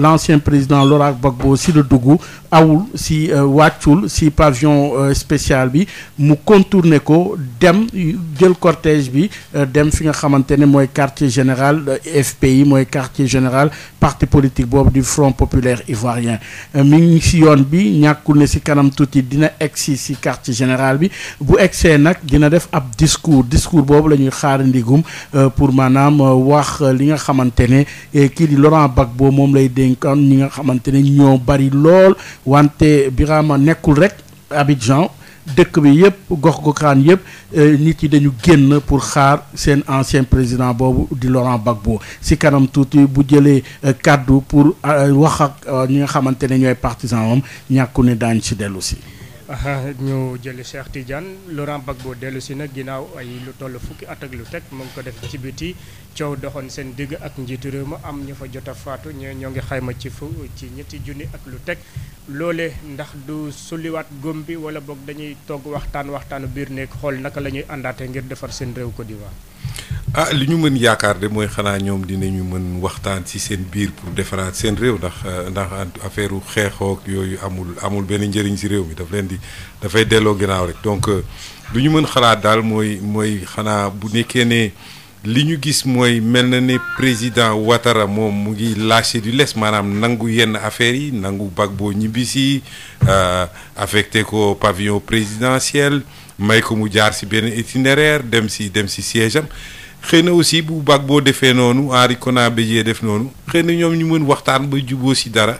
l'ancien président Laurent Gbagbo si la dugg awul si euh, wàccul si pavion euh, spécial bi mu contourner ko dem jël cortège bi euh, dem fi nga xamante ne mooy quartier général FPI mooy quartier général parti politique boobu di Front populaire ivoirien euh, mi ngi si yoon bi ñàkkul ne si kanam tuuti dina egsi si quartier général bi bu egsee nag dina def ab discours discours boobu la ñuy xaar euh, pour maanaam euh, wax li nga xamante ne kii di Laurent Gbagbo moom lay dénkoon ñi nga xamante ne ñoo bari lool wante Birama nekkul rek Abidjan dëkk bi yëpp gox goxaan yëpp euh, nit yi dañu génn pour xaar seen ancien président boobu di Laurent Gbagbo si kanam tuuti bu jëlee euh, kàddu pour euh, wax ak ñi nga xamante ne ñooy partisan moom ñàkku ne daañu si dellu si ñu jëli Cheikh Tidiane Laurent Gbagbo dellu si nag ginnaaw ay lu toll fukki at ak lu teg mu ngi ko def ci biti coow doxoon seen digg ak njiitu réew ma am ñu fa jot a faatu ñoo ñoo ngi xayma ci fu ci ñetti junni ak lu teg loole ndax du sulliwaat góom bi wala boog dañuy togg waxtaan waxtaanu biir nekk xool naka la ñuy àndaate ngir defar seen réew Côte d'Ivoire ah li ñu mën yaakaar de mooy xanaa ñoom dinañu mën waxtaan ci seen biir pour defaraat seen réew ndax euh, ndax affaire u xeexoog yooyu amul amul benn njëriñ si réew mi daf leen di dafay delloo ginnaaw rek donc euh, lu ñu mën xalaat daal mooy mooy xanaa bu nekkee ne li ñu gis mooy mel na ne président Ouattara moom mu ngi lâché du les maanaam nangu yenn affaires yi nangu bag Gbagbo ñibbisi euh, affecté ko pavillon présidentiel may ko mu jaar ci benn itinéraire dem ci dem ci siège xëy na aussi bu baax boo defee noonu Henri Konan Bédié def noonu xëy ñoom ñu mën waxtaan ba juboo si dara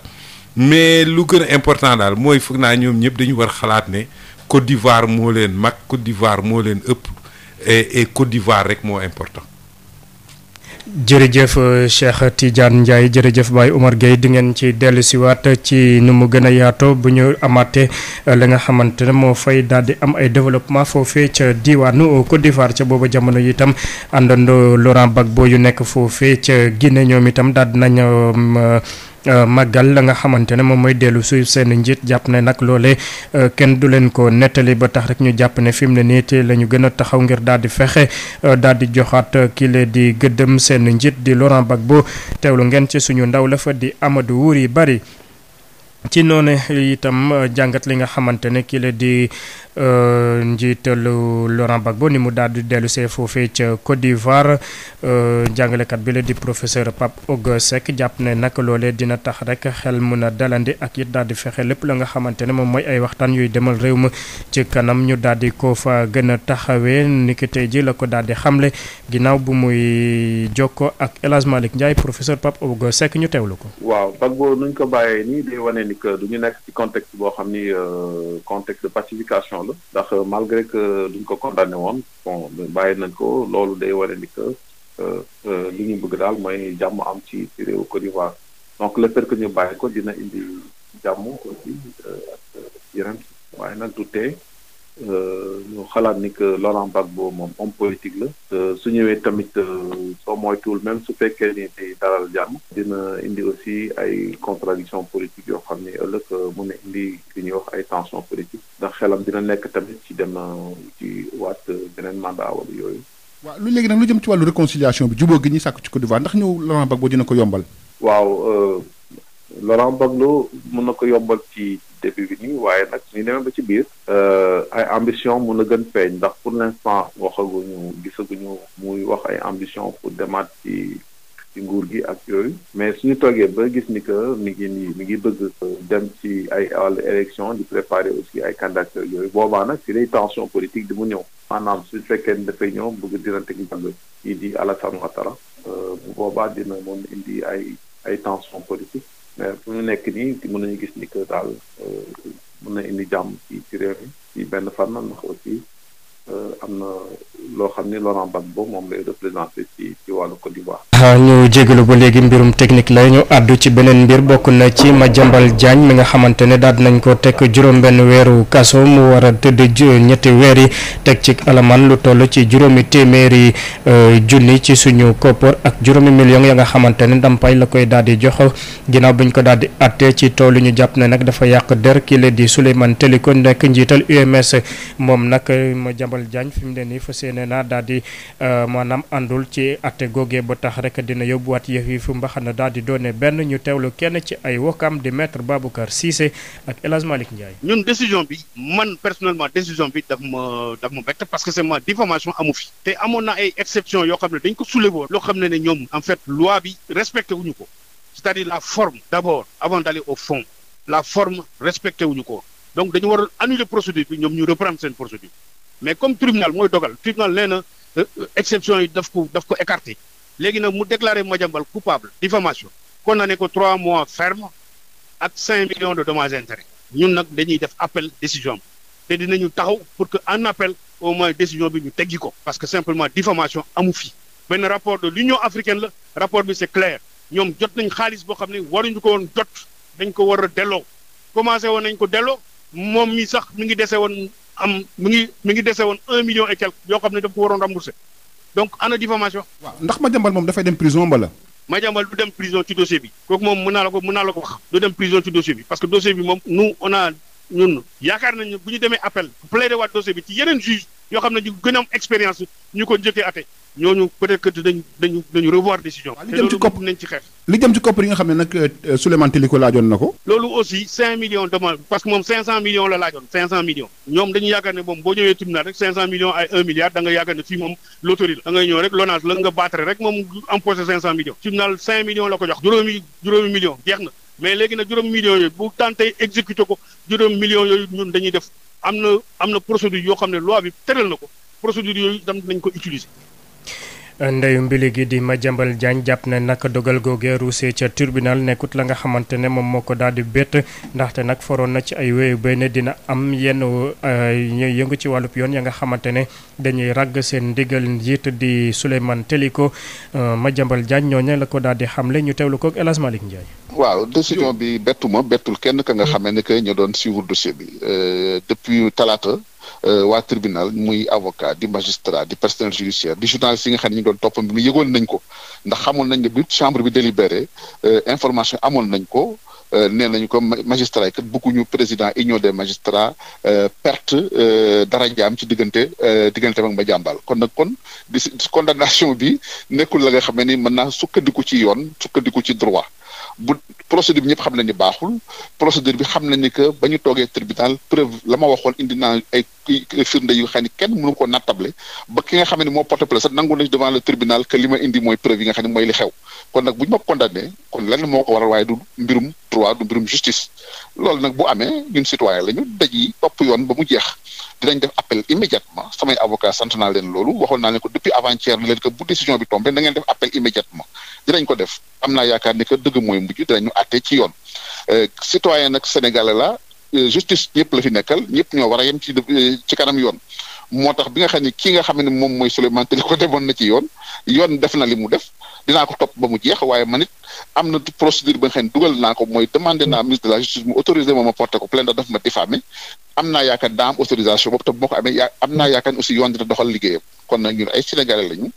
mais lu gën a important daal mooy foog naa ñoom ñëpp dañu war xalaat ne Côte d'Ivoire moo leen mag Côte d'Ivoire moo leen ëpp et Côte d'Ivoire rek moo important. jërëjëf Cheikh Tidiane Ndiaye jërëjëf Baye Omar Gueye di ngeen ci dellu siwaat ci nu mu gën a yaato bu ñu amaatee la nga xamante ne moo fay daal am ay développement foofee ca diwaanu Côte d'Ivoire ca booba jamono yi itam àndandoo Laurent boo yu nekk foofee ca Guinée ñoom itam daal di nañ um, Euh, màggal la nga xamante ne moom mooy dellu suy seen njiit jàpp ne nag loole euh, kenn du leen ko nettali ba tax rek ñu jàpp ne fi mu ne nii te la ñu gën a taxaw ngir daal di fexe euh, daal di joxaat kile di gëddëm seen njiit di Laurent Gbagbo teewlu ngeen ci suñu ndaw la fa di wuur yi Bari ci noonu itam jàngat li nga xamante ne kii la di euh, njiitalu Laurent Gbagbo ni mu daal di dellu see foofee ca Côte d'Ivoire euh, jàngalekat bi la di professeur Pape Ogo Seck jàpp ne nag loolee dina tax rek xel mun a dalandi ak it daal di fexe lépp la nga xamante ne moom mooy ay waxtaan yuy demal réew ma ci kanam ñu daal di ko fa gën a taxawee niki tey ji la ko daal di xamle ginnaaw bu muy jokkoo ak El Hadj Malick Ndiaye professeur Pape Ogo Seck ñu teewlu ko. waaw Gbagbo ni du ñu nekk ci contexte boo xam ni euh, contexte de pacification la ndax euh, malgré que duñ ko condamné woon bon bàyyi nañ ko loolu day wane ni que euh, li ñu bëgg daal mooy jàmm am ci ci réew Côte d'Ivoire donc le per que ñu bàyyi ko dina indi jàmm aussi ak yeneen waaye nag du Euh, ñu xalaat ni que Laurent boo moom homme politique la euh, su ñëwee tamit euh, soo moytuwul même su fekkee ni di dalal jàmm dina indi aussi ay contradiction politique yoo xam ni ëllëg mun na indi li ñuy wax ay tension politique ndax xelam dina nekk tamit ci dem ci waat beneen mandat wala yooyu waaw lu léegi nag lu jëm ci wàllu réconciliation bi jubóo gi ñuy sàkk ci Côte d'Ivoire ndax ñëw Laurent Gbagbo dina ko yombal waaw Laurent Gbagbo mën na ko yombal ci début bi waaye nag suñu demee ba ci biir euh, ay ambition mun a gën feeñ ndax pour l'instant waxaguñu gisaguñu muy wax ay ambition pour demaat ci nguur gi ak yooyu mais su ñu toogee ba gis ni que mi ngi nii mi ngi bëgg dem ci ay all élection di préparer aussi ay candidature yooyu boobaa nag si lay tension politique di mu ñëw maanaam su fekkee ni dafay ñëw bëgg dina teg mbagg kii di Alassane Ouattara euh, bu boobaa dina mën indi ay ay tension politique Eh, fu mu nekk nii mën nañu gis ni que daal euh, mën na indi jàmm ci ci réew mi ci benn fànn ndax aussi am na loo xam ni Laurent Gbagbo moom lay représenté ci ci wàllu Côte ah, ñu jégalu ba léegi mbirum technique lay ñu àddu ci beneen mbir bokk na ci ma jambal Diagne mi nga xamante ne daal nañ ko tekk juróom-benn weeru kaso mu war a tëdd ñetti weer yi teg ci alamaan lu toll ci juróomi téeméeri euh, junni ci suñu koppar ak juróomi million ya nga xamante ne ndampaay la koy daal di jox ginnaaw bi ko daal di ci tool yi ñu jàpp ne nag dafa yàq der kii la di Souleymane Teliko nekk njiital UMS moom nag Madiambal Madiambal Diagne fi mu ne nii fas yéene naa daal di euh, maanaam àndul ci atte googee ba tax rek dina yóbbuwaat yëf yi fu mbaxana daal di doone benn ñu teewlu kenn ci ay wokkam di maître Baboucar Cissé ak El Hadj Malick Ndiaye. ñun décision bi man personnellement décision bi daf ma daf ma bett parce que c'est ma diffamation amu fi te amoon na ay exception yoo xam ne dañ ko soulever woon loo xam ne ne ñoom en fait loi bi respecté wuñu ko c'est-à-dire la forme d'abord avant d'aller au fond la forme respecté wuñu ko donc dañu war a annuler procédure bi ñoom ñu reprendre mais comme tribunal mooy dogal tribunal nee na euh, euh, exception yi daf ko daf ko écarté léegi nag mu déclaré Madiambal coupable diffamation condamné ko trois mois ferme ak cinq millions de dommages intérêts ñun nag dañuy def appel décision bi te dinañu taxaw pour que en appel au moins décision bi ñu teggi ko parce que simplement diffamation amu fi benn rapport de l'Union africaine la rapport bi c'est clair ñoom jot nañ xaalis boo xam ne waruñu ko woon jot dañ ko war delloo commencé woon nañ ko delloo moom mi sax mi ngi dese woon am mu ngi mu ngi dese woon un million et quelque yoo xam ne daf ko waroon remboursé donc ana diffamation waaw ndax Madiambal moom dafay dem prison mbala. Madiambal du dem prison ci dossier bi kooku moom mën naa la du dem prison ci dossier bi parce que dossier bi moom nous on yaakaar nañu bu ñu demee appel plaidé waat dossier bi ci yeneen juge yoo xam ne ñu gën a expérience ñu ko njëkkee ate ñooñu peut-être que dinañ dañu dañu revoir décision. li jëm ci kopp nañ ci xeex. li jëm ci kopp yi nga xam ne nag euh, euh, Souleymane Téliko laajoon na ko. loolu aussi 5 millions demande parce que moom 500 millions la laajoon 500 millions. ñoom dañu yaakaar ne moom boo ñëwee tribunal rek 500 millions ay 1 milliard da nga yaakaar ne fii moom loterie la. da ñëw rek lonage la nga battre rek moom empoché 500 millions. tribunal 5 millions la ko jox juróomi def am am na procédure yoo xam ne loi bi na ko procédure ko utiliser ndeyu mbili gi di Madiambal Diagne jàpp ne nag dogal googee ruusee ca tribunal nekkut la nga xamante ne moom moo ko daal di bett ndaxte nag foroon na ci ay wéyu béy ne dina am yenn ñuy euh, yëngu ci wàllub yoon ya nga xamante ne dañuy ragg seen ndigal njiit di Souleymane Teliko euh, Madiambal Diagne ñooñu la ko daal di xamle ñu teewlu ko ak El Hadj waaw décision bi bettuma bettul kenn ka nga xamee ne que ñu doon suivre dossier bi euh, depuis talaata Euh, waa tribunal muy avocat di magistrat di personnel judiciaire di journaliste yi nga xam ne ñu doon topp mu yëgoon nañ ko ndax xamoon nañ ne bi chambre bi délibéré euh, information amoon nañ ko euh, nee nañu ko magistrat yi kat bëgguñu président union des magistrats perte dara jaam ci diggante diggante mag ma jàmbal kon nag kon di condamnation bi nekkul la nga xam ne ni mën naa sukkandiku ci yoon sukkandiku ci droit bu procédure bi ñëpp xam nañ ni baaxul procédure bi xam nañ ni que ba ñu toogee tribunal preuve la ma waxoon indi na ay firnde yu xam ne kenn mënu ko nattable ba ki nga xam ne moo porte plainte sax nangu nañ devant le tribunal que li ma indi mooy preuve yi nga xam ne mooy li xew kon nag bu ñu ma condamné kon lan moo ko waral waaye du mbirum droit du mbirum justice loolu nag bu amee ñun citoyen la ñu daji topp yoon ba mu jeex dinañ def appel immédiatement samay avocat sant naa leen loolu waxoon naa leen ko depuis avant-hier ne leen que bu décision bi tombé na ngeen def appel immédiatement dinañ ko def am naa yaakaar ni que dëgg mooy mujj dinañu àtte ci yoon euh, citoyen nag sénégalais la euh, justice ñëpp la fi nekkal ñëpp ñoo war a yem ci euh, ci kanam yoon moo tax bi nga xam ne kii nga xam ne moom mooy Souleymane Téliko demoon na ci yoon yoon def na li mu def dinaa ko topp ba mu jeex waaye man it am na procédure ba nga xam ne dugal naa ko mooy demandé naa ministre de la justice mu autorisé ma ma porté ko plainte daf ma naa yaakaar daa am autorisation boobu te bu ma ko amee yaa am naa yaakaar aussi yoon dina doxal nag ñun ay sénégalais lañu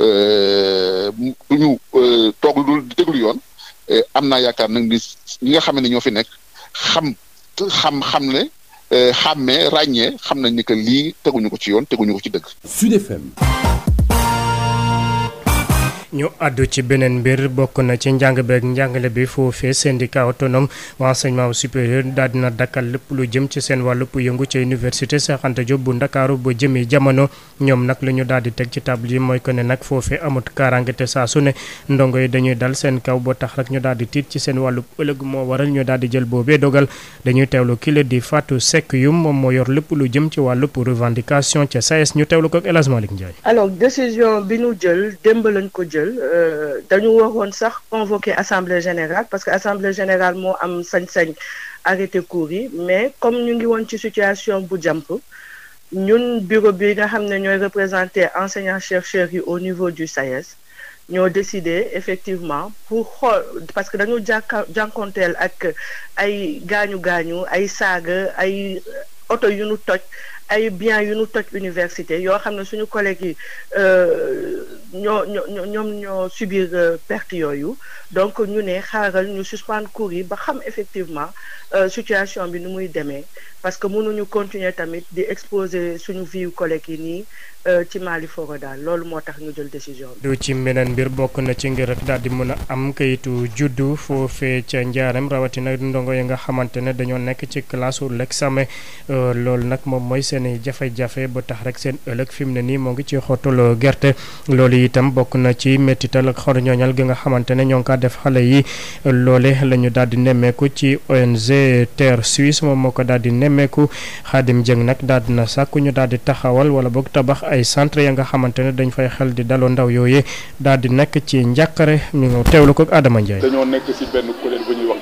euh, ñu euh, toog lu di yoon euh, am naa yaakaar nag ni ñi nga xam ne ñoo fi nekk xam xam xam ne xàmmee ràññee xam nañ ni que lii teguñu ko ci yoon teguñu ko ci dëgg. ñu àddu ci beneen mbir bokk na ci njàng beeg njàngale bi foofee syndicat autonome bu enseignement supérieur daal dina dakkal lépp lu jëm ci seen wàllu yëngu ci université Cheikh Anta Diop bu ndakaaru ba jëmi jamono ñoom nag lu ñu daal di teg ci table yi mooy ko ne nag foofee amut kaaraange te saa su ne ndongo yi dañuy dal seen kaw ba tax rek ñu daal di tiit ci seen wàllu ëllëg moo waral ñu daal di jël boobee dogal dañuy teewlu kile di Fatou sekk yu moom moo yor lépp lu jëm ci wàllu revendication ca SAES ñu teewlu ko ak El Malick jël euh, dañu waxoon sax convoqué assemblée générale parce que assemblée générale moo am sañ-sañ arrêté cours yi mais comme ñu ngi woon ci situation bu jàmp ñun bureau bi nga xam ne ñooy représenté enseignants chercheurs yi au niveau du SAES ñoo décidé effectivement pour xool parce que dañu jànka jànkonteel ak ay gaañu gaañu ay saga ay oto yu nu ay biens yu ñu toj université yoo xam ne suñu collègues yi euh, ñoo ñoo ñoom ñoo subir euh, perte yooyu donc ñu ne xaaral ñu suspendre cours yi ba xam effectivement euh, situation bi nu muy demee parce que mënuñu continuer tamit di exposer suñu vie collègues yi nii Euh, ci Mali Fofana daal loolu moo tax ñu jël décision bi. du ci meneen mbir bokk na ci ngir rek daal di mën a am kayitu juddu foofee ca njaaram rawatina ndongo yi nga xamante ne dañoo nekk ci classe ou l'examen euh, loolu nag moom mooy seen i jafe-jafe ba tax rek seen ëllëg fi mu ne nii moo ngi ci xottal gerte loolu itam bokk na ci méttital ak xor gi nga xamante ne ñoo ngi kaa def xale yi loole lañu ñu daal di nemmeeku ci ONG Terre Suisse moom moo ko daal di nemmeeku Xaadim Jëng nag daal na sàkku daal di taxawal ay centre ya nga xamante ne dañ fay xel di daloo ndaw yooyee daal nekk ci njàqare ñu teewlu ko Adama Ndiaye.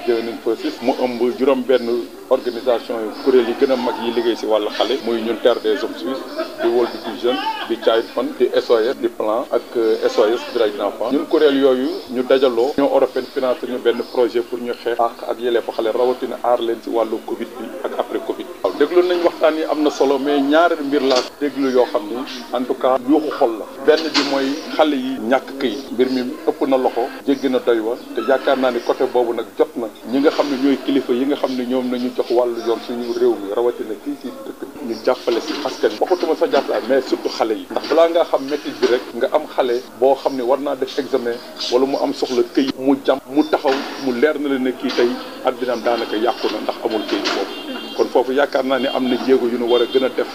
Joining Forces mu ëmb juróom benn organisation yu kuréel yi gën a mag yi liggéey si wàll xale muy ñun Terre des Hommes Suisses di World Vision di Child Fund di SOS di Plan ak euh, SOS Direct Enfant ñun kuréel yooyu ñu dajaloo ñoo européenne financé ñu benn projet pour ñu xeex ak ak yëleefu xale rawatina aar leen ci wàllu Covid bi ak après Covid waaw déglu nañ waxtaan yi am na solo mais ñaari mbir laa déglu yoo xam ni en tout cas yuuxu xol la benn bi mooy xale yi ñàkk këyit mbir mi ëpp na loxo jéggi na doy wa te yaakaar naa boobu nag jot ñi nga xam ne ñooy kilifa yi nga xam ne ñoom nañu jox wàllu yoon suñu réew mi rawatina fii ci dëkk ñu jàppale si askan waxutuma sa jàppale mais surtout xale yi ndax balaa ngaa xam métti bi rek nga am xale boo xam ne war naa def examen wala mu am soxla këyit mu jàmm mu taxaw mu leer na leen ne kii tey addinaam daanaka yàqu na ndax amul këyit boobu kon foofu yaakaar naa ne am na jéego yu nu war a gën a def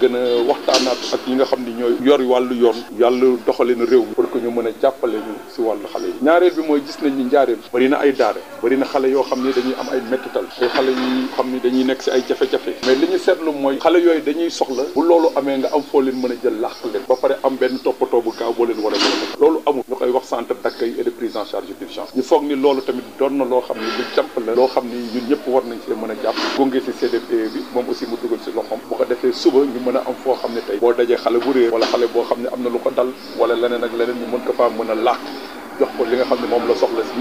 gën a waxtaanaat ak ñi nga xam ni ñooy yor wàllu yoon yàlla doxale na réew mi pour que ñu mën a jàppale ñu si wàllu xale yi ñaareel bi mooy gis nañ ni njaareel bëri na ay daare bëri na xale yoo xam ni dañuy am ay mettital xale xam ni dañuy nekk si ay jafe-jafe mais li ñu seetlu mooy xale yooyu dañuy soxla bu loolu amee nga am foo leen mën a jël làq leen ba pare am benn toppatoo bu gaaw boo leen war a mën loolu amul ñu koy wax centre d'accueil et de prise en charge d'urgence ñu foog ni loolu tamit doon na loo xam ni lu jàmp xam ni ñun ñëpp war nañ moom aussi mu dugal si loxom mën a xam ne tey boo bu wala xale boo xam ne na lu ko dal wala leneen ak leneen ñu mën ko faa mën a làq moom la soxla si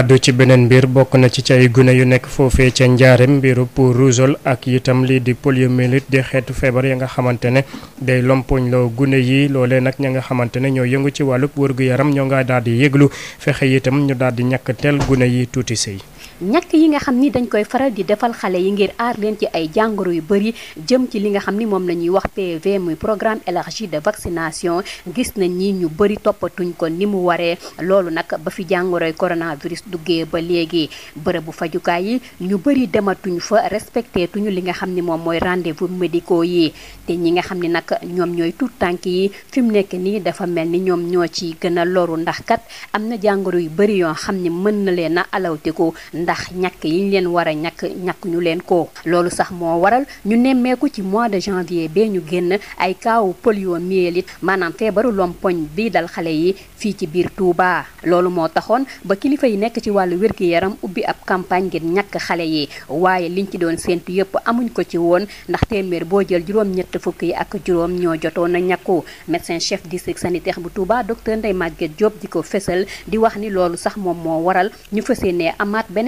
àddu ci beneen mbir bokk na ci ca ay gune yu nekk foofee ca njaareem mbiru pour rougeole ak itam li di poliomyélite di xeetu feebar ya nga xamante ne day lompoñ loo gune yi loolee nag ña nga xamante ne ñoo yëngu ci wàllub wërgu yaram ñoo nga daal di yëglu fexe itam ñu daal di ñàkk gune yi tuuti sëy ñàkk yi nga xam ni dañ koy faral di defal xale yi ngir aar leen ci ay jàngoro yu bëri jëm ci li nga xam ni moom la ñuy wax PV muy programme élargi de vaccination gis nañ ni ñu bëri toppatuñ ko ni mu waree loolu nag ba fi jàngoroy coronavirus duggee ba léegi bërëbu fajukaay yi ñu bëri dematuñu fa respecté tuñu li nga xam ni moom mooy rendez-vous médicaux yi te ñi nga xam ni nag ñoom ñooy tuut tànk yi fi mu nekk nii dafa mel ni ñoom ñoo ci gën a loru ndax kat am na jàngoro yu bëri yoo xam ni mën na leen a alawte ko ndax ñàkk yiñ leen war a ñàkk ñàkk ñu leen ko loolu sax moo waral ñu nemmeeku ci mois de janvier bee ñu génn ay kaawu poliomyélite maanaam feebaru lompoñ bi dal xale yi fii ci biir Touba loolu moo taxoon ba kilifa yi nekk ci wàllu wér yaram ubbi ab campagne ngir ñàkk xale yi waaye liñ ci doon séentu yëpp amuñ ko ci woon ndax téeméer boo jël juróom-ñett fukk yi ak juróom ñoo jotoon a ñàkku médecin chef district sanitaire bu Touba docteur ndey Maguette Diop di ko fësal di wax ni loolu sax moom moo waral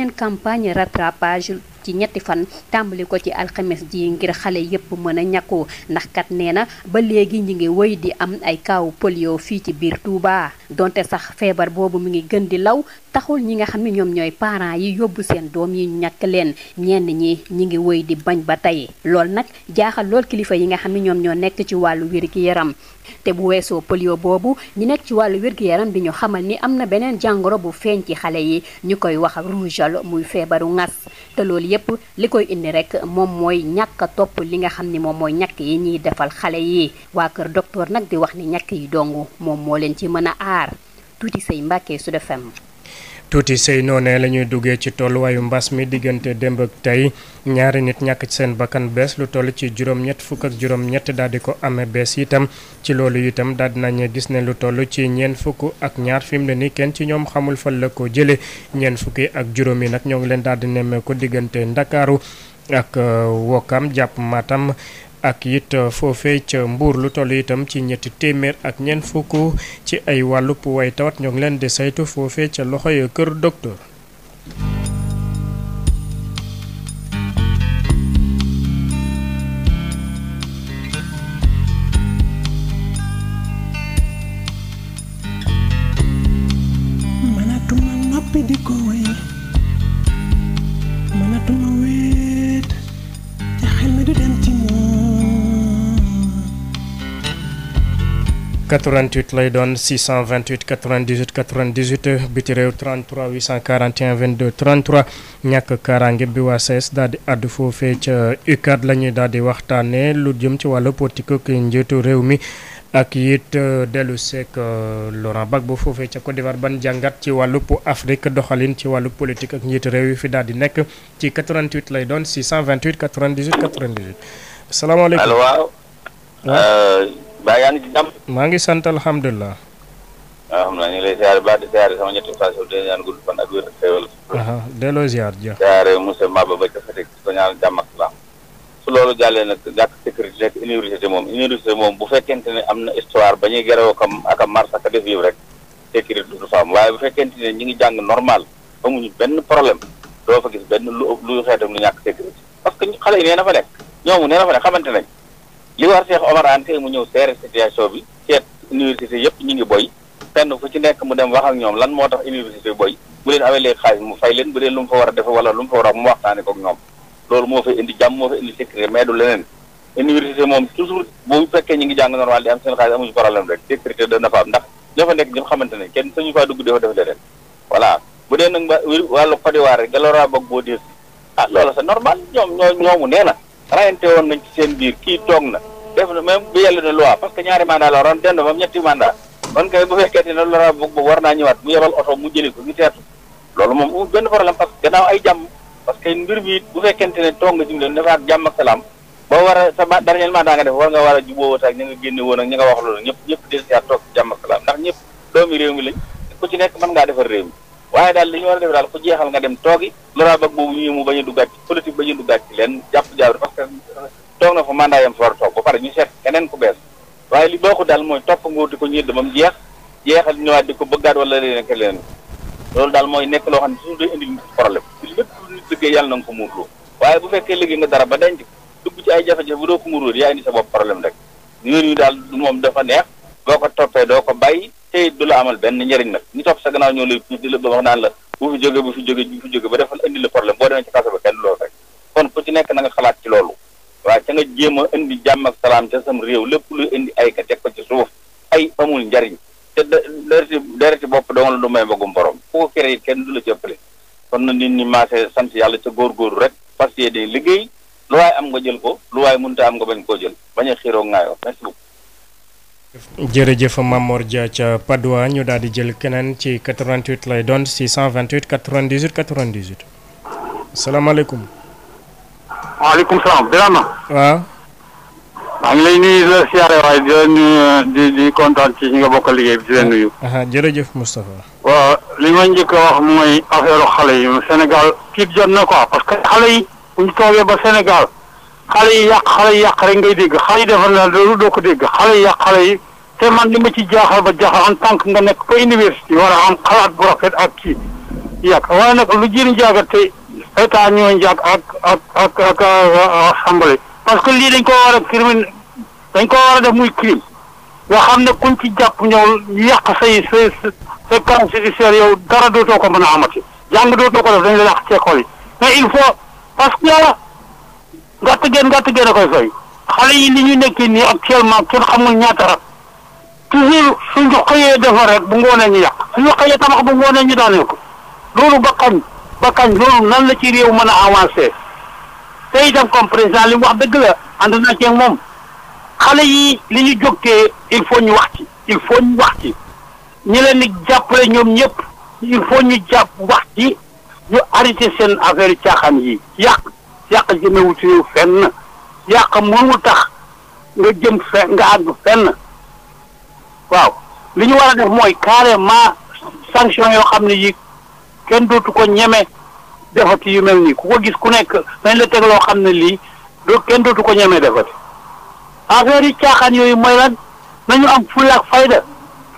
beneen campagne ci ñetti fan tàmbali ko ci alxemes ji ngir xale yépp mën a ñàkku ndax kat nee na ba léegi ñi ngi woy di am ay kaw polio fii ci biir Touba donte sax feebar boobu mu ngi gën di law taxul ñi nga xam ne ñoom ñooy parent yi yóbbu seen doom yi ñàkk leen ñenn ñi ñi ngi woy di bañ ba tey loolu nag jaaxal lool kilifa yi nga xam ne ñoom ñoo nekk ci wàllu wér gi yaram te bu weesoo polio boobu ñi nekk ci wàllu wér yaram bi ñu xamal ni am na beneen jàngoro bu feeñ ci xale yi ñu koy wax rougeole muy feebaru ŋas te loolu yépp li koy indi rek moom mooy ñàkk a topp li nga xam ni moom mooy ñàkk yi ñuy defal xale yi waa kër docteur nag di wax ni ñàkk yi dong moom moo leen ci mën a aar tuuti say mbàkkee su defem tuuti sëy noonee la ñuy duggee ci tolluwaayu mbas mi diggante démb ak tey ñaari nit ñàkk ci seen bakkan bees lu toll ci juróom-ñett fukk ak juróom-ñett daal di ko amee bees itam ci loolu itam daal di nañu gis ne lu toll ci ñeent fukk ak ñaar fi mu ne nii kenn ci ñoom xamul fan la ko jëlee ñeent fukki ak juróom yi nag ñoo ngi leen daal di nemmee ko diggante Ndakaaru ak uh, Wokam jàpp Matam. ak it euh, foofee ca Mbour lu toll itam ci ñetti téeméer ak ñeent fukk ci ay wàllub way tawat ñoo leen di saytu foofe ca loxoy kër docteur. 88 lay doon 628 98 98 biti réew 33 841 22 33 ñàkk kaaraange bi waa CES daal di àddu foofee ca UCAD la ñuy daal di waxtaanee lu jëm ci wàllu politique ki njiitu réew mi ak it euh, dellu seek euh, Laurent Gbagbo foofee ca Côte d'Ivoire ban jàngat ci wàllu Afrique doxalin ci wàllu politique ak njiitu réew yi fi daal di nekk ci 88 lay doon 628 98 98. salaamaaleykum allo waaw. Euh, baa yaa maa ngi sant alhamdulilah. waaw xam naa ñu ngi lay ziare baax di ziare jeex. ziare monsieur Maba ba ca a ko ñaan jàmm ak salaam su loolu moom bu fekkente ne am na histoire ba ñuy gerewoo kam ak a mars ak def yëpp rek sécurité du fa waaye bu fekkente ne ñu ngi jàng normal amuñu benn problème doo fa gis benn lu lu xeetam lu ñàkk sécurité parce que xale yi nee fa nekk ñoomu nee fa nekk xamante nañ li war Cheikh Omar Anne tey mu ñëw seere situation bi seet université yëpp ñu ngi boy fenn fu ci nekk mu dem wax ak ñoom lan moo tax université boy bu leen amee léegi xaalis mu fay leen bu leen lu war a defe wala lu mu fa war indi jàmm moo fay indi sécurité mais du leneen université moom toujours fekkee ñu ngi jàng normal di xamante ne kenn sañu faa dugg defa dee nag wàllu Côte d'Ivoire rek Galora Gbagbo boo dee ah loolu sa normal ñoom ñoo ñoomu nee na rayante woon nañ ci seen biir kii toog na def na même bu yàlla ne loi parce que ñaari mandat la waroon dend moom ñetti mandat kon kay bu fekkente ne loi war naa ñëwaat mu yebal oto mu jëli ko ñu teertu loolu moom amul benn problème parce que gannaaw ay jàmm parce que mbir bi bu fekkente ne toog nga jim leen dafa jàmm ak salaam boo war a sa dernier mandat nga def war nga war a jubóowoo ak ñi nga génne woon ak ñi nga wax loolu ñëpp ñëpp del siyaat toog jàmm ak salaam ndax ñëpp doomi réew mi lañ ku ci nekk mën ngaa defar réew mi waaye daal li ñu war a def daal ku jeexal nga dem toogi loraal bag boobu ñu mu bañ a duggaat ci politique bañ a duggaat ci leen jàpp jaabir parce que toog ba ñu seet keneen ku bees waaye li baaxul daal mooy topp nguur di ko ñëdd ba mu jeex jeexal ko bëggaat wala leneen ak leneen loolu daal mooy nekk loo xam ne toujours day indi nit problème lépp lu na ko muurloo waaye bu fekkee liggéey nga dara ba denc dugg ci ay jafe bu doo ko muurloo yaa indi sa bopp problème rek ñooñu daal moom dafa neex boo ko toppee doo ko bàyyi te du la amal benn njëriñ nag ñu topp sa gannaaw ñoo lay di la ba wax naan la bu fi jóge bu fi jóge ba defal indi la problème boo demee ci kaso ba kenn loolu rek kon ku ci nekk na nga xalaat ci loolu waaye ca nga jéem a indi jàmm ak salaam ca sam réew lépp luy indi ay ka teg ko ci suuf ay amul njariñ te dereti dereti bopp dong la may mbagum borom ku ko kere kenn du la ci ëppale kon na nit ñi maasee sant yàlla ca góorgóorlu rek parce que day liggéey lu waaye am nga jël ko lu waaye mënta am nga bañ koo jël bañ a xiiroo ngaayoo merci beaucoup jërëjëf Mamor Dia ca Padoa ñu daal di jël keneen ci 88 lay doon 628 98 98. salaamaaleykum. waaleykum salaam Birama. waaw. maa ngi lay nuyu la siyaare waaye di la nuyu di di kontaan ci ñi nga bokk liggéey bi di la nuyu. jërëjëf Moustapha. waaw li ma njëkk a wax mooy affaire xale yi Sénégal tiit jot na quoi parce que xale yi bu ñu toogee ba Sénégal xale yi yàq xale na loolu doo ko dégg xale yi yàq xale yi. te man li ma ci jaaxal ba jaaxal an tant nga nekk ko université war a am xalaat bu rafet ak kii yàq waaye nag lu jëriñ jaaga te état ñoo njàkk ak ak ak ak assemblée parce que lii dañ ko war a crime dañ ko war a def muy crime nga xam ne kuñ ci jàpp ñëw yàq say say say carence judiciaire yow dara dootoo ko mën a amati jàng dootoo ko def dañ la yàq ci école yi mais il faut parce que gàtt geen gàtt geen a koy fay xale yi li ñu nekkee nii actuellement kenn xamul ñaata rat toujours suñ ko xëyee defar rek bu ngoonee ñu yàq suñu xëyee tabax bu ngoonee ñu daaneel ko loolu ba kañ ba kañ loolu nan la ci réew mën a avancé tey itam comme li mu wax dëgg la ànd naa ci moom xale yi li ñu jógtee il faut ñu wax ci il faut wax ci ñi leen di jàppale ñoom ñëpp il faut ñu jàpp wax ci ñu arrêté seen affaire caaxaan yi yàq yàq jëmewul ci réew fenn yàq mënul tax nga jëm fe nga àgg fenn waaw li ñu war a def mooy carrément sanction yoo xam ne yi kenn dootu ko ñeme defati yu mel nii ku ko gis ku nekk nañ la teg loo xam ne lii doo kenn dootu ko ñeme defati affaire yi caaxaan yooyu mooy lan nañu am fulla ak fayda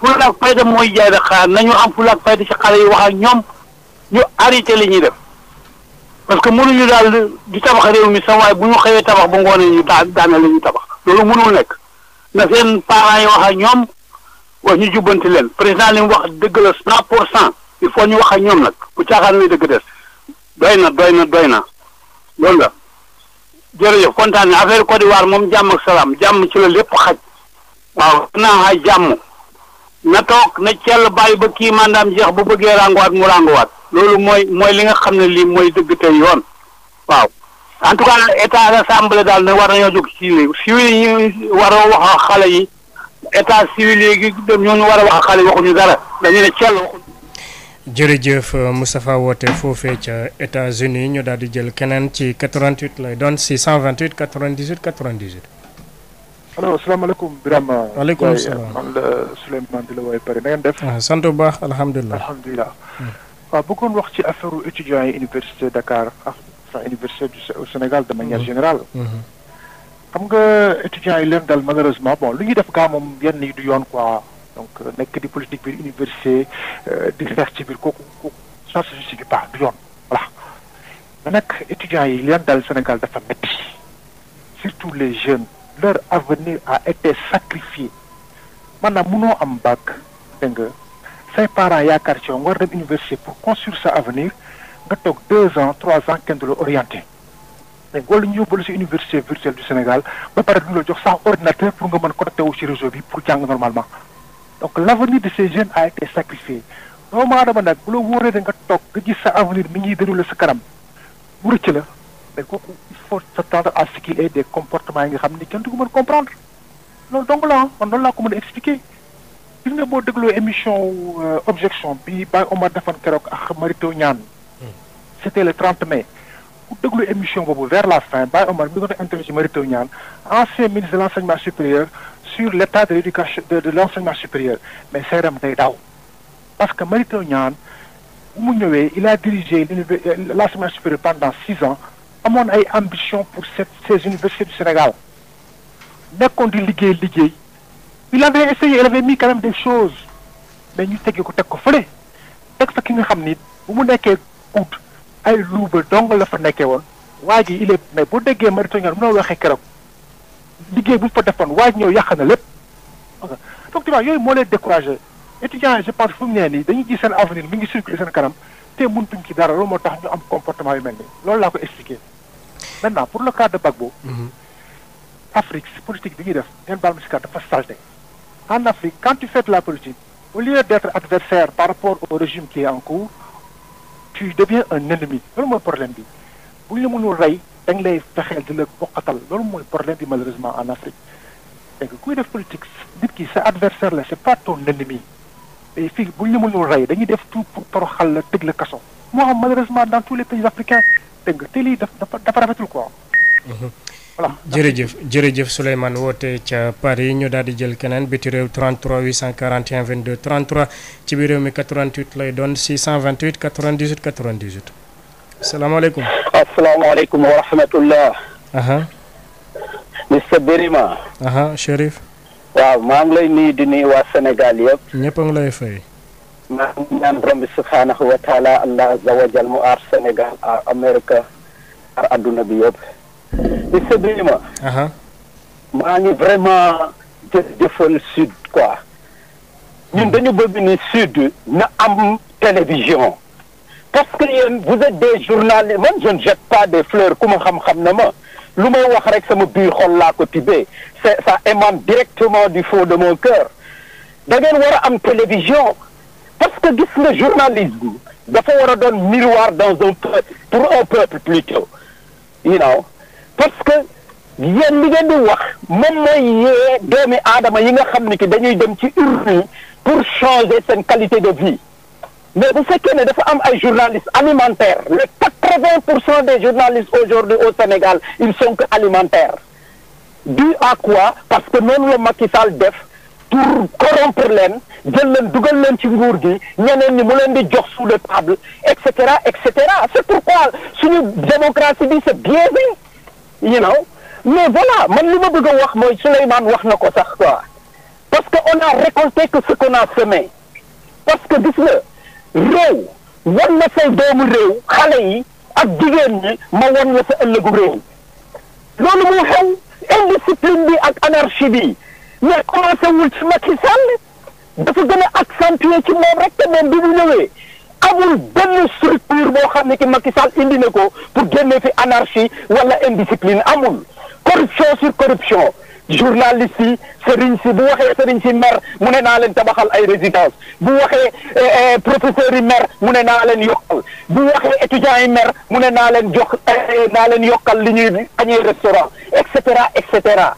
fulla ak fayda mooy jaay da xaar nañu am fulla ak fayda ci xale yi wax ak ñoom ñu arrêté li ñuy def parce que mënuñu daal di tabax réew mi sama waaye bu ñu xëyee tabax ba ngoonee ñu daan daane la ñuy tabax loolu mënul nekk na seen parents wax ak ñoom wax ñu jubbanti leen président li mu wax dëgg la cent pour cent il faut ñu wax ak ñoom nag bu caaxaan muy dëgg des doy na doy na doy na loolu la jërëjëf kontaan na affaire Côte d'Ivoire moom jàmm ak salaam jàmm ci la lépp xaj waaw naa xay jàmm na toog na cell bàyyi ba kii mandaam jeex bu bëggee ranguwaat mu ranguwaat loolu mooy mooy li nga xam ne lii mooy dëgg tey yoon waaw en tout cas état assemblée daal ne war nañoo jóg ci lii si war a wax xale yi état civil léegi ñooñu war a wax xale waxuñu dara dañu ne cell waxuñu. jërëjëf Moustapha woote foofee ca États-Unis ñu daal di jël keneen ci 88 lay doon 628 98 98. allo asalaamaaleykum Birame. waaleykum salaam man la Souleymane di la wooye Paris na ngeen def. Ah, sant bu baax alhamdulilah alhamdulilah. Hmm. waaw bëggoon wax ci affaire étudiants yi université Dakar ak sax université du Sénégal de manière hmm. générale. Hmm. xam nga étudiants yi leen dal malheureusement bon lu ñuy def gaa moom yenn yi du yoon quoi donc euh, nekk di politique biir université euh, di xeex ci biir kooku kooku ça se justifie pas du yoon voilà mais nag étudiants yi leen dal Sénégal dafa métti surtout les jeunes leur avenir a été sacrifié maanaam munoo am bac dégg nga say parents yaakaar ci yow nga war dem université pour construire sa avenir nga toog deux ans trois ans kenn du la orienté mais wala ñu yóbbu la si université virtuelle du Sénégal ba pare duñu la jox sax ordinateur pour nga mën connecté wu si réseau bi pour jàng normalement donc l' avenir de ces jeunes a été sacrifié doomu aadama nag bu la wóoree nga toog nga gis sa avenir mi ngi déroulé sa kanam mu rëcc la mais kooku il faut s'attendre à ce qu'il ait des comportements yi nga xam ni kenn du ko mën comprendre loolu donc la man loolu laa ko mën a expliquer nga boo dégloo émission euh, objection bi Baye Omar defoon keroog ak Mary Teuw Niane hmm. c'était le 30 mai ku déglu émission boobu vers la fin Baye Omar mi ngi doon interview Mary ancien ministre de l' enseignement supérieur sur l' de l' de de supérieur mais seeram day daw parce que Mary Teuw Niane bu mu ñëwee il a dirigé l' euh, enseignement supérieur pendant six ans amoon ay ambition pour cette ces universités du Sénégal nekkoon di liggéey liggéey il avait essayé il avait mis quand même des choses mais ñu teggi ko teg ko fële teg fa ki nga xam ni bu mu nekkee ay luuba dong la fa nekkee woon waa ji il est mais bu déggee Mauritanie mënoo waxee keroog liggéey bu fa defoon waa ji ñëw yàq na lépp donc tu vois yooyu moo leen découragé étudiants yi je pense fu mu nee nii dañuy gis seen avenir mi ngi circulé seen kanam te mëntuñ ci dara loolu moo tax ñu am comportement yu mel nii loolu laa ko expliqué maintenant pour le cas de Gbagbo. Mhm. Afrique si politique bi ñuy def ngeen baal ma si kàddu dafa salté en Afrique la politique au lieu d'être adversaire par rapport tu deviens un ennemi loolu mooy problème bi bu ñu la mënul rey da nga lay fexeel di la boqatal loolu mooy problème bi malheureusement en Afrique dégg kuy def politique nit ki sa adversaire la c'est pas ton ennemi bu ñu la rey dañuy def tout pour toroxal la tëj la kaso moo xam malheureusement dans tous les pays africains dégg nga te lii dafa dafa rafetul quoi. Mm-hmm. voilà jërëjëf jërëjëf Souleymane woote ca Paris ñu daal di jël keneen biti réew 33 841 22 33 ci biir réew mi 88 lay doon 628 98 98. salaamaaleykum. asalaamaaleykum wa rahmatullah. monsieur Birima. Chérif. waaw maa ngi lay nuyu di nuyu waa Sénégal yëpp. ñëpp a ngi lay fay. maa ngi ñaan borom bi subhaanahu wa allah azza wa mu aar senegal aar aar adduna bi yëpp. di Sébrima. maa ngi vraiment jëfal sud quoi ñun hmm. dañu bëgg ni sud na am télévision parce que yéen vous êtes des journalistes man je ne jette pas des fleurs ku ma xam-xam na ma lu may wax rek sama biir xol laa ko tibbee c'est ça émane directement du fond de mon cœur da ngeen war am télévision parce que gis nga journalisme dafa war a doon miroir dans un peuple pour un peuple plutôt you know parce que yéen li ngeen di wax moom mooy yee doomi aadama yi nga xam ne ki dañuy dem ci urne pour changer seen qualité de vie mais bu fekkee ne dafa am ay journalistes alimentaires les quatre-vingts pour cent des journalistes aujourd'hui au Sénégal ils sont que alimentaires dû à quoi parce que noonu la Macky Sall def pour corrompre leen jël leen dugal leen ci nguur gi ñeneen ñi mu leen di jox sous le table et cetera et cetera c'est pourquoi suñu démocratie bi c'est biaisé you know mais voilà man li ma bëgg a wax mooy Souleymane wax na ko sax quoi parce que on a récolté que ce qu'on a parce que gis nga réew wan say doomu réew xale yi ak jigéen ñi ma wan na sa ëllëgu réew loolu moo xew indiscipline bi ak anarchie bi mais commencé wul ci Macky Sall dafa gën ak accentuer ci moom rek te moom bi mu ñëwee amul benn structure boo xam ne ki Macky Sall indi na ko pour génne fi anarchie wala indiscipline amul corruption sur corruption journaliste yi sëriñ si bu waxee sëriñ si mer mu ne naa leen tabaxal ay résidence bu waxee eh, eh, professeurs yi mer mu ne naa leen yokkal bu waxee étudiants yi mer mu ne naa leen jox eh, naa leen yokkal li ñuy añee restaurant et cetera et cetera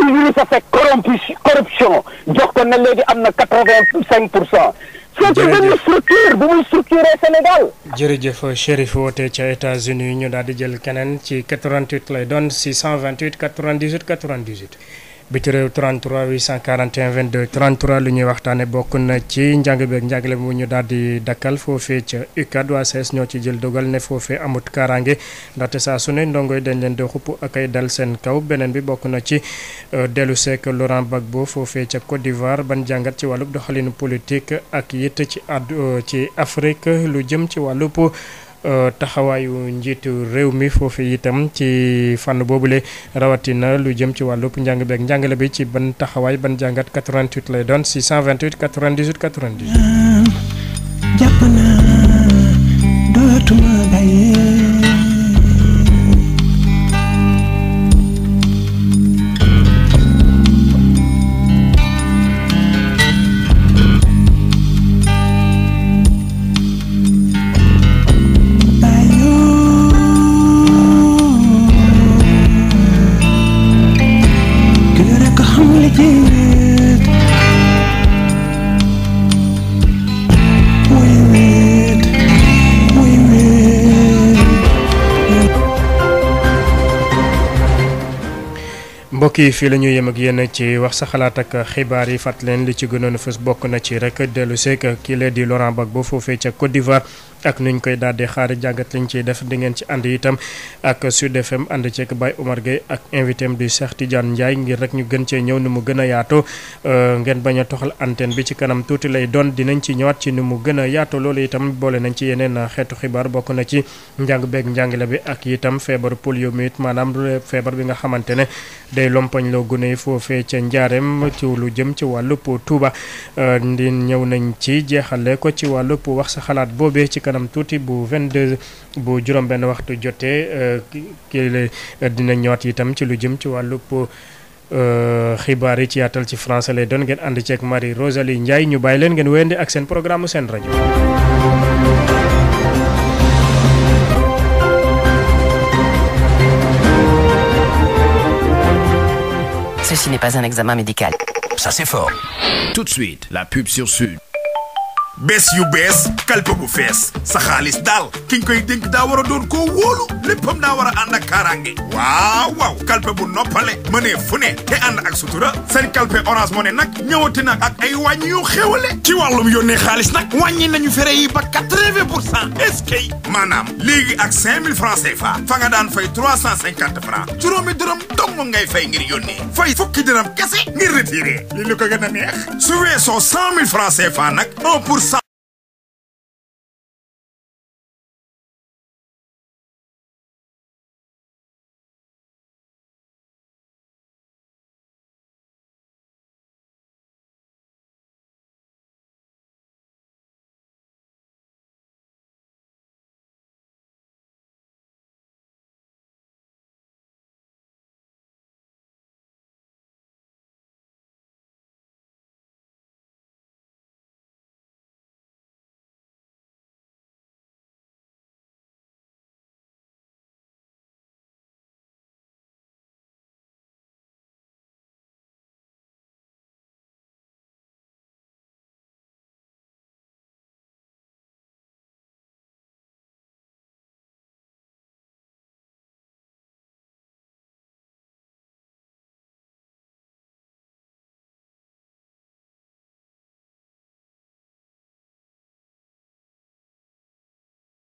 Idrissa Seck corrompu corruption jox ko ne léegi am na quatre vingt cinq pour cent. jërëjëf c'est une structure bu muy structuré Sénégal. jërëjëf Chérif woote ca États-Unis ñu daal di jël keneen ci 88 lay doon 628 98 98. biti réew 33 841 22 33 lu ñuy waxtaane bokk na ci njàng beeg njàngale mu ñu daal di dakkal foofee ca UCAD waa CES ñoo ci jël dogal ne foofee amut kaaraange ndaxte saa sune ne ndongo dañ leen di xupp ak ay dal seen kaw beneen bi bokk na ci euh, dellu seek Laurent Gbagbo foofee ca Côte d'Ivoire ban jàngat ci wàllub doxalinu politique ak yit ci àdd euh, ci Afrique lu jëm ci wàllu wàllub Euh, taxawaayu njiitu réew mi foofu itam ci fànn boobu boobule rawatina lu jëm ci wàllub njàng beeg njàngale bi ci ban taxawaay ban jàngat 88 lay doon 628 98 98. mbokk yi fii la ñuy yem ak yéen ci wax sa xalaat ak xibaar yi fàttali leen li ci gënoon fës bokk na ci rek dellu seeg kii di Laurent Gbagbo foofee ca Côte d'Ivoire. ak nuñ koy daal di xaar jàngat liñ ciy def di ngeen ci ànd itam ak Sud FM ànd ceeg Baye Omar Gueye ak invité am di Cheikh njaay Ndiaye ngir rek ñu gën cee ñëw nu mu gën a yaatoo euh, ngeen bañ a toxal antenne bi ci kanam tuuti lay doon dinañ ci ñëwaat ci nu mu gën a yaatoo loolu itam boole nañ ci yeneen xeetu xibaar bokk na ci njàng beeg njàngale bi ak itam feebar polio mi it maanaam feebar bi nga xamante ne day lompañ loo gune yi foofee ca njaareem ci lu jëm ci wàllub Touba euh, ndi ñëw nañ ci jeexale ko ci wàllub wax sa xalaat boobee ci kanam tuuti bu 22 bu juróom-benn waxtu jotee euh, kii euh, dina ñëwaat itam ci lu jëm ci wàllu euh, xibaar yi ci yaatal ci français lay doon ngeen ànd ceeg Marie Rosalie Ndiaye ñu bàyyi leen ngeen wéyandi ak seen programme seen rajo. Ceci bees yu bees kalpe bu fees sa xaalis daal ki nga koy dénk daa war a doon koo wóolu léppam daa war a ànd ak kaaraange bu noppale mënee fu ne te ànd ak sutura seen kalpe orange moo ne nag ak ay wàññi yu xéwale ci wàllum yónnee xaalis nag wàññi nañu fere yi ba quatre-vingt pour cent est-ce que maanaam léegi ak cinq mille francs CFA fa nga daan fay trois cent cinquante francs juróomi dërëm dong ngay fay ngir yónnee fay fukki dërëm kese ngir retiré li a